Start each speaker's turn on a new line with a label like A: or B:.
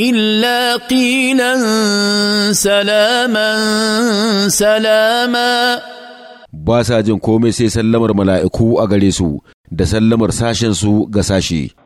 A: الا قيلا سلاما
B: سلاما
C: ba sa jin komai
D: sai sallamar mala'iku a gare su da sallamar sashen su ga sashe.